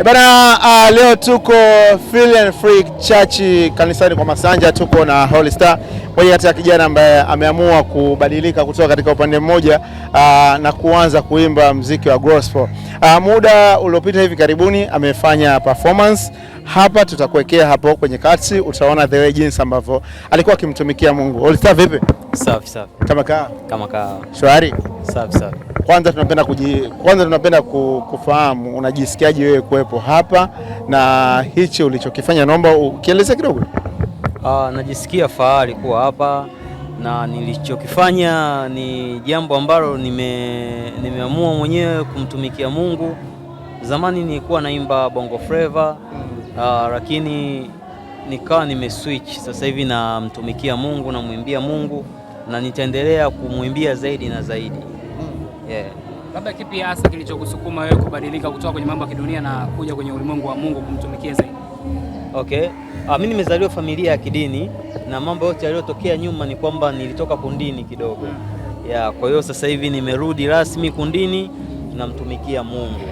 E bana, uh, leo tuko Feel and Freak Church kanisani kwa Masanja, tuko na Holy Star moja kati ya kijana ambaye ameamua kubadilika kutoka katika upande mmoja ah, na kuanza kuimba mziki wa gospel. Aa, ah, muda uliopita hivi karibuni amefanya performance hapa, tutakuwekea hapo kwenye kati, utaona the way jinsi ambavyo alikuwa akimtumikia Mungu. Ulista vipi? Safi safi. Kama kaa? Kama kaa. Shwari? Safi safi. Kwanza tunapenda kuji, kwanza tunapenda kufahamu unajisikiaje wewe kuwepo hapa na hichi ulichokifanya, naomba ukielezea kidogo. Uh, najisikia fahari kuwa hapa na nilichokifanya ni jambo ambalo nime, nimeamua mwenyewe kumtumikia Mungu. Zamani nilikuwa naimba Bongo Flava uh, lakini nikawa nimeswitch sasa hivi namtumikia Mungu, namwimbia Mungu na nitaendelea kumwimbia zaidi na zaidi mm. yeah. Labda kipi hasa kilichokusukuma wewe kubadilika kutoka kwenye mambo ya kidunia na kuja kwenye ulimwengu wa Mungu kumtumikia zaidi? Okay. Ah, mimi nimezaliwa familia ya kidini na mambo yote yaliyotokea nyuma ni kwamba nilitoka kundini kidogo ya, kwa hiyo sasa hivi nimerudi rasmi kundini, namtumikia Mungu.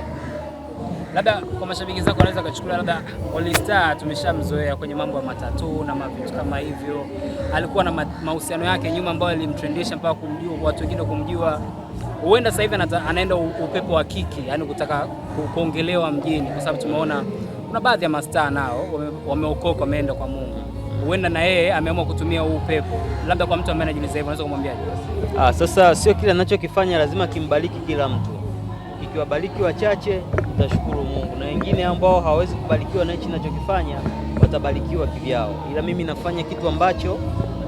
Labda kwa mashabiki zako wanaweza kuchukua labda Holy Star tumeshamzoea kwenye mambo ya matatu na mavitu kama hivyo, alikuwa na mahusiano yake nyuma ambayo alimtrendisha mpaka kumjua watu wengine kumjua huenda sasa hivi anaenda upepo wa kiki, yani kutaka kuongelewa mjini, kwa sababu tumeona kuna baadhi ya mastaa nao wameokoka, wameenda kwa Mungu, huenda na yeye ameamua kutumia huu upepo, labda kwa mtu ambaye anajiuliza hivyo, unaweza kumwambiaje? Ah, sasa sio kile anachokifanya lazima kimbariki kila mtu. Ikiwabariki wachache, tutashukuru Mungu, na wengine ambao hawawezi kubarikiwa na hichi ninachokifanya watabarikiwa kivyao, ila mimi nafanya kitu ambacho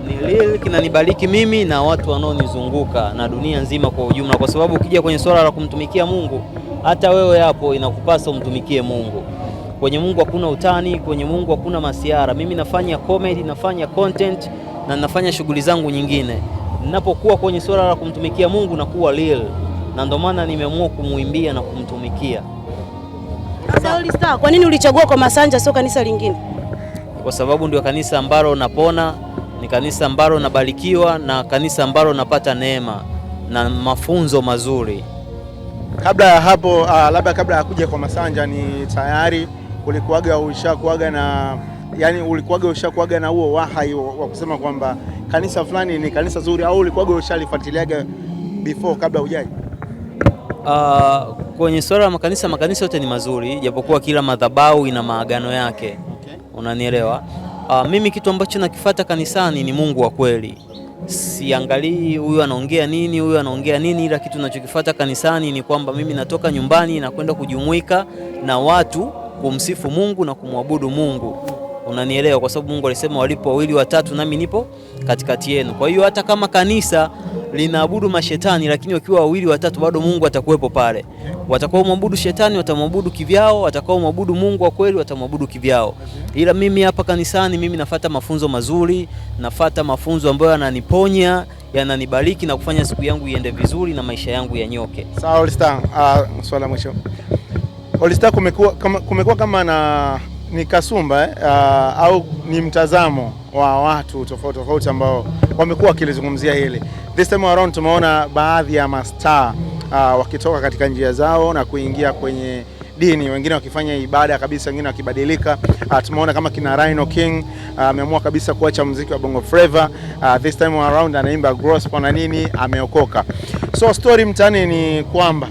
ni real, kinanibariki mimi na watu wanaonizunguka na dunia nzima kwa ujumla, kwa sababu ukija kwenye swala la kumtumikia Mungu, hata wewe hapo inakupasa umtumikie Mungu. Kwenye Mungu hakuna utani, kwenye Mungu hakuna masiara. Mimi nafanya comedy, nafanya content na nafanya shughuli zangu nyingine. Ninapokuwa kwenye swala la kumtumikia Mungu na kuwa real, na ndio maana nimeamua kumwimbia na kumtumikia. Sauli Star, kwa nini ulichagua kwa Masanja sio kanisa lingine? Kwa sababu ndio kanisa ambalo napona, ni kanisa ambalo nabarikiwa na kanisa ambalo napata neema na mafunzo mazuri. Kabla ya hapo uh, labda kabla ya kuja kwa Masanja ni tayari ulikuwaga ushakuwaga na yani ulikuwaga ushakuwaga na huo hiyo wa kusema kwamba kanisa fulani ni kanisa zuri, au ulikuwaga ushalifuatiliaga before kabla hujaji? Uh, kwenye swala la makanisa, makanisa yote ni mazuri, japokuwa kila madhabahu ina maagano yake. Okay. Unanielewa? Uh, mimi kitu ambacho nakifuata kanisani ni Mungu wa kweli. Siangalii huyu anaongea nini, huyu anaongea nini, ila kitu nachokifata kanisani ni kwamba mimi natoka nyumbani na kwenda kujumuika na watu kumsifu Mungu na kumwabudu Mungu. Unanielewa? Kwa sababu Mungu alisema walipo wawili watatu, nami nipo katikati yenu. Kwa hiyo hata kama kanisa linaabudu mashetani, lakini wakiwa wawili watatu, bado Mungu atakuwepo pale. Watakao mwabudu shetani watamwabudu kivyao, watakao mwabudu Mungu wa kweli watamwabudu kivyao. Ila mimi hapa kanisani, mimi nafata mafunzo mazuri, nafata mafunzo ambayo yananiponya yananibariki na kufanya siku yangu iende vizuri na maisha yangu yanyoke. Sawa, uh, swala mwisho All Star kumekuwa kumekuwa kama na ni kasumba eh, uh, au ni mtazamo wa watu tofauti tofauti ambao wamekuwa wakilizungumzia hili. This time around tumeona baadhi ya mastaa uh, wakitoka katika njia zao na kuingia kwenye dini, wengine wakifanya ibada kabisa, wengine wakibadilika. Uh, tumeona kama kina Rhino King ameamua uh, kabisa kuacha muziki wa Bongo Flava. Uh, this time around anaimba gospel na nini, ameokoka. So story mtani ni kwamba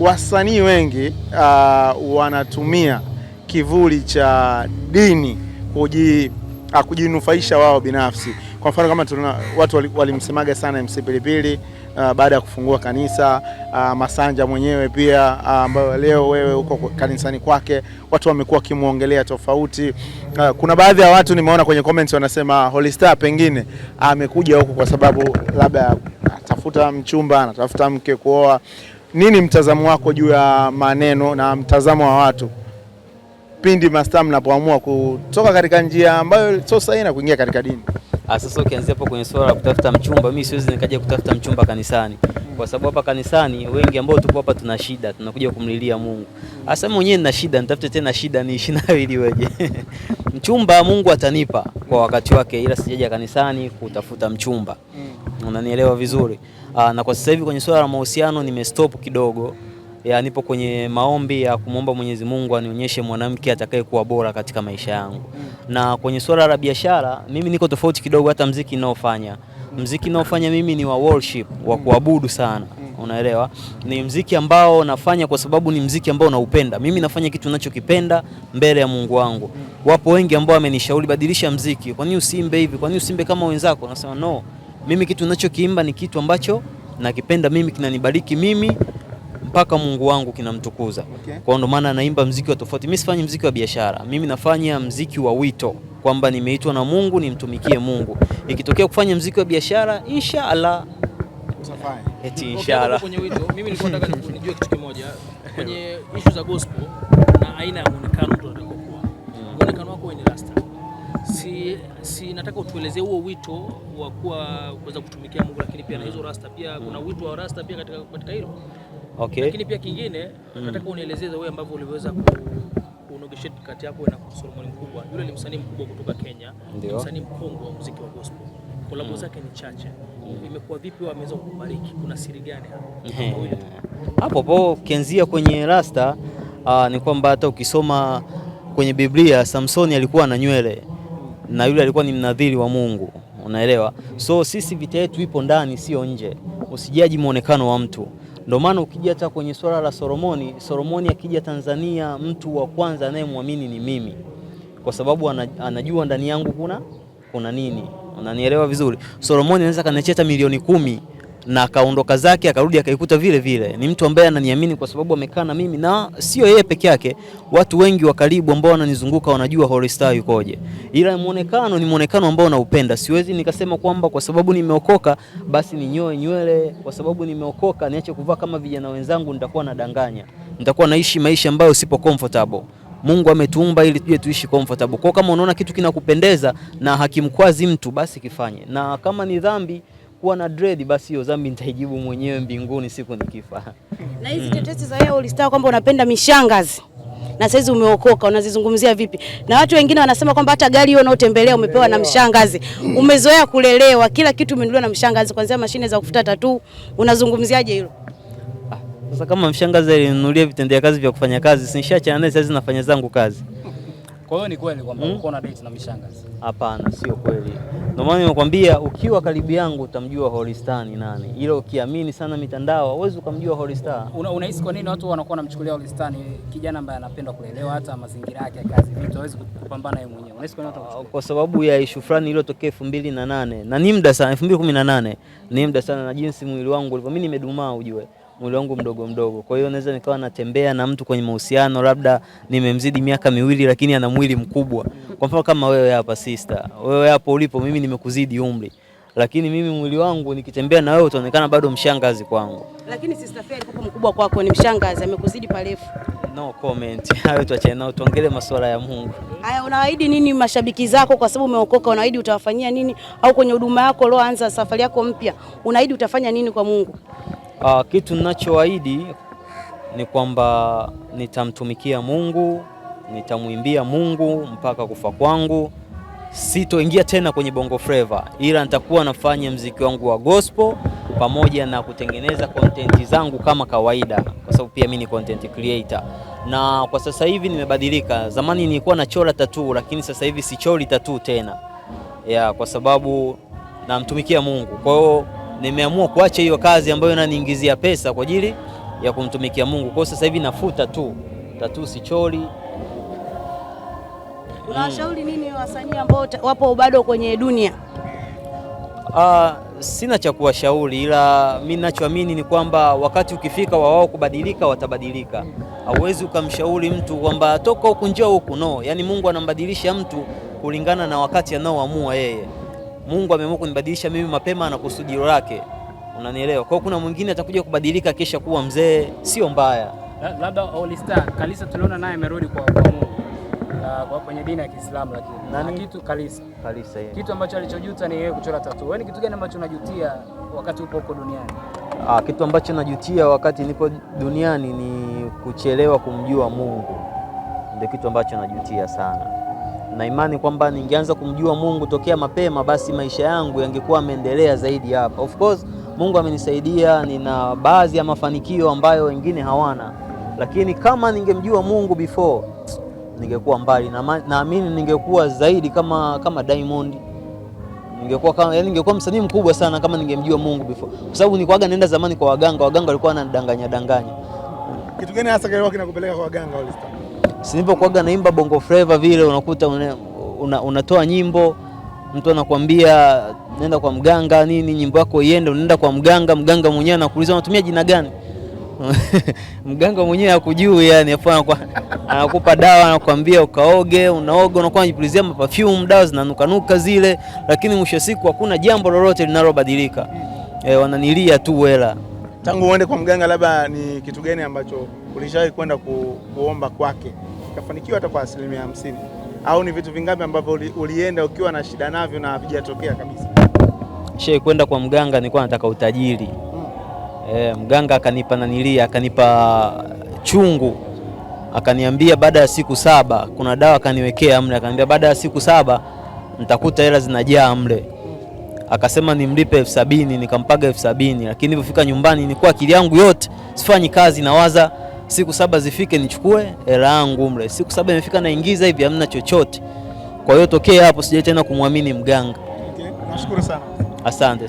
wasanii wengi uh, wanatumia kivuli cha dini kuji uh, kujinufaisha wao binafsi. Kwa mfano kama tuna, watu walimsemaga sana MC Pilipili uh, baada ya kufungua kanisa uh, Masanja mwenyewe pia uh, ambayo uh, leo wewe uko kanisani kwake, watu wamekuwa wakimwongelea tofauti. Uh, kuna baadhi ya watu nimeona kwenye comments wanasema Hollister pengine amekuja uh, huku kwa sababu labda anatafuta mchumba, anatafuta mke kuoa nini mtazamo wako juu ya maneno na mtazamo wa watu pindi mastaa mnapoamua kutoka katika njia ambayo sio sahihi na kuingia katika dini? Ah, sasa ukianzia hapo kwenye swala la kutafuta mchumba, mimi siwezi nikaja kutafuta mchumba kanisani, kwa sababu hapa kanisani wengi ambao tupo hapa tuna shida, tunakuja kumlilia Mungu. Hasa ah, mimi mwenyewe nina shida, nitafute tena shida niishi nayo ili weje? mchumba Mungu atanipa kwa wakati wake, ila sijaja kanisani kutafuta mchumba. Mm. Unanielewa vizuri? Aa, ah, na kwa sasa hivi kwenye swala la mahusiano nimestop kidogo ya, nipo kwenye maombi ya kumwomba Mwenyezi Mungu anionyeshe mwanamke atakayekuwa bora katika maisha yangu. Na kwenye swala la biashara mimi niko tofauti kidogo, hata mziki ninaofanya mziki ninaofanya mimi ni wa worship, wa kuabudu sana, unaelewa, ni mziki ambao nafanya kwa sababu ni mziki ambao naupenda mimi, nafanya kitu ninachokipenda mbele ya Mungu wangu. Wapo wengi ambao wamenishauri badilisha mziki, kwa nini usiimbe hivi, kwa nini usiimbe kama wenzako? Nasema no mimi kitu ninachokiimba ni kitu ambacho nakipenda mimi, kinanibariki mimi mpaka Mungu wangu kinamtukuza. Okay. Kwa ndo maana naimba mziki wa tofauti. Mimi sifanyi mziki wa biashara, mimi nafanya mziki wa wito kwamba nimeitwa na Mungu nimtumikie Mungu. Ikitokea kufanya mziki wa biashara, inshallah utafanya. Eti inshallah. Kwenye wito, mimi nilikuwa nataka nijue kitu kimoja kwenye issue za gospel na aina ya muonekano mtu anatakiwa kuwa. Muonekano mm. wako ni rasta si, si nataka utueleze huo wito wa kuwa kuweza kutumikia Mungu, lakini pia mm. na hizo rasta pia mm. kuna wito wa rasta pia katika, katika hilo okay. Lakini pia kingine mm. nataka unielezee wewe ambavyo uliweza ku kunogeshea kati yako na Solomon Mkubwa. Yule ni msanii mkubwa kutoka Kenya, msanii mkongwe wa muziki wa gospel, kolabo mm. zake ni chache. mm. Imekuwa vipi, wameweza kukubariki? Kuna siri gani hapo? hapo kianzia kwenye rasta, ah, ni kwamba hata ukisoma kwenye Biblia Samsoni alikuwa na nywele na yule alikuwa ni mnadhiri wa Mungu, unaelewa. So sisi vita yetu ipo ndani, sio nje. Usijaji muonekano wa mtu. Ndio maana ukija hata kwenye swala la Solomoni, Solomoni akija Tanzania, mtu wa kwanza anayemwamini ni mimi, kwa sababu anajua ndani yangu kuna kuna nini, unanielewa vizuri. Solomoni anaweza kanacheta milioni kumi na akaondoka zake akarudi akaikuta vile vile. Ni mtu ambaye ananiamini kwa sababu amekaa na mimi, na sio yeye peke yake, watu wengi wa karibu ambao wananizunguka wanajua Holy yukoje, ila muonekano ni muonekano ambao naupenda. Siwezi nikasema kwamba kwa sababu nimeokoka basi ninyoe nywele, kwa sababu nimeokoka niache kuvaa kama vijana wenzangu, nitakuwa nadanganya, nitakuwa naishi maisha ambayo sipo comfortable. Mungu ametuumba ili tuje tuishi comfortable. Kwa kama unaona kitu kinakupendeza na hakimkwazi mtu, basi kifanye, na kama ni dhambi kuwa na dread, basi hiyo dhambi nitaijibu mwenyewe mbinguni siku nikifa. Na hizi tetesi za yeye ulistaa kwamba unapenda mishangazi na saizi umeokoka, unazizungumzia vipi? Na watu wengine wanasema kwamba hata gari hiyo unaotembelea umepewa na mshangazi, umezoea kulelewa, kila kitu umenunuliwa na mshangazi, kuanzia mashine za kufuta tatu. Unazungumziaje hilo? Ah, sasa kama mshangazi alinunulia vitendea kazi vya kufanya kazi, sinishachana naye, saizi nafanya zangu kazi kwa hiyo ni kweli kwamba mm, uko na date na mishangazi? Hapana, sio kweli. Ndio maana nimekwambia ukiwa karibu yangu utamjua Holistar ni nani, ila ukiamini sana mitandao hauwezi ukamjua Holistar. Unahisi una kwa nini watu wanakuwa wanamchukulia Holistar ni kijana ambaye anapenda kulelewa, hata mazingira yake ya kazi vitu hawezi kupambana yeye mwenyewe? Unahisi kwa nini watu wanachukulia? Kwa sababu ya issue fulani iliyotokea elfu mbili na nane na ni muda sana, elfu mbili kumi na nane ni muda sana na jinsi mwili wangu ulivyo, mimi nimedumaa ujue mwili wangu mdogo mdogo. Kwa hiyo naweza nikawa natembea na mtu kwenye mahusiano, labda nimemzidi miaka miwili, lakini ana mwili mkubwa. Kwa mfano kama wewe hapa sister, wewe hapo ulipo, mimi nimekuzidi umri, lakini mimi mwili wangu nikitembea na wewe utaonekana bado mshangazi kwangu. Lakini sister Fair alikuwa mkubwa kwako, ni mshangazi, amekuzidi parefu. No comment. Hayo tuachane nao, tuongelee masuala ya Mungu. Haya, unawaahidi nini mashabiki zako kwa sababu umeokoka? Unawaahidi utawafanyia nini? Au kwenye huduma yako ulioanza safari yako mpya, unawaahidi utafanya nini kwa Mungu? Uh, kitu ninachoahidi ni kwamba nitamtumikia Mungu, nitamwimbia Mungu mpaka kufa kwangu. Sitoingia tena kwenye Bongo Flava, ila nitakuwa nafanya mziki wangu wa gospel pamoja na kutengeneza content zangu kama kawaida, kwa sababu pia mimi ni content creator. Na kwa sasa hivi nimebadilika. Zamani nilikuwa nachora tatuu, lakini sasa hivi sicholi tatuu tena ya, kwa sababu namtumikia Mungu. Kwa hiyo nimeamua kuacha hiyo kazi ambayo inaniingizia pesa kwa ajili ya kumtumikia Mungu. Kwa sasa hivi nafuta tu tatu, sichori. Unawashauri mm. nini wasanii ambao wapo bado kwenye dunia? Uh, sina cha kuwashauri, ila mi ninachoamini ni kwamba wakati ukifika wa wao kubadilika, watabadilika. Hauwezi ukamshauri mtu kwamba toka huku njia huku, no. Yaani Mungu anambadilisha mtu kulingana na wakati anaoamua yeye. Mungu ameamua kunibadilisha mimi mapema na kusudio lake, unanielewa? Kwa hiyo kuna mwingine atakuja kubadilika kisha kuwa mzee, sio mbaya. Labda All Star Kalisa tuliona naye amerudi kwa kwa Mungu kwa kwenye dini ya Kiislamu, lakini nani? kitu Kalisa Kalisa yeye, kitu ambacho alichojuta ni yeye kuchora tatu. Wewe ni kitu gani ambacho unajutia wakati upo huko duniani? Ah, kitu ambacho najutia wakati nipo duniani ni kuchelewa kumjua Mungu, ndio kitu ambacho najutia sana na imani kwamba ningeanza kumjua Mungu tokea mapema, basi maisha yangu yangekuwa ameendelea zaidi hapa. Of course Mungu amenisaidia, nina baadhi ya mafanikio ambayo wengine hawana, lakini kama ningemjua Mungu before ningekuwa mbali, naamini na ningekuwa zaidi kama kama Diamond ningekuwa kama yani, ningekuwa msanii mkubwa sana kama ningemjua Mungu before, kwa sababu nilikuwaga nenda zamani kwa waganga. Waganga walikuwa wananidanganya danganya. Kitu gani hasa kilikuwa kinakupeleka kwa waganga wale? silipokuaga naimba bongo flava vile, unakuta unatoa una, nyimbo mtu anakwambia nenda kwa mganga nini, nyimbo yako iende, unaenda kwa mganga, mganga mwenyewe anakuuliza unatumia jina gani? mganga mwenyewe hakujui, yani anakupa dawa, anakuambia ukaoge, unaoga, unakuwa unajipulizia maperfume, dawa zinanukanuka zile, lakini mwisho siku hakuna jambo lolote linalobadilika. E, wananilia tu wela tangu uende kwa mganga, labda ni kitu gani ambacho ulishawahi kwenda ku, kuomba kwake ikafanikiwa hata kwa asilimia hamsini, au ni vitu vingapi ambavyo uli, ulienda ukiwa na shida navyo na havijatokea kabisa? She kwenda kwa mganga, nilikuwa nataka utajiri hmm. E, mganga akanipa nanilia, akanipa chungu akaniambia baada ya siku saba kuna dawa akaniwekea mle, akaniambia baada ya siku saba nitakuta hela zinajaa mle akasema nimlipe elfu sabini nikampaga elfu sabini lakini ilipofika nyumbani nilikuwa akili yangu yote sifanyi kazi, nawaza siku saba zifike nichukue hela yangu mle. Siku saba imefika naingiza hivi, hamna chochote. Kwa hiyo tokea hapo sijai tena kumwamini mganga. Okay, nashukuru sana, asante.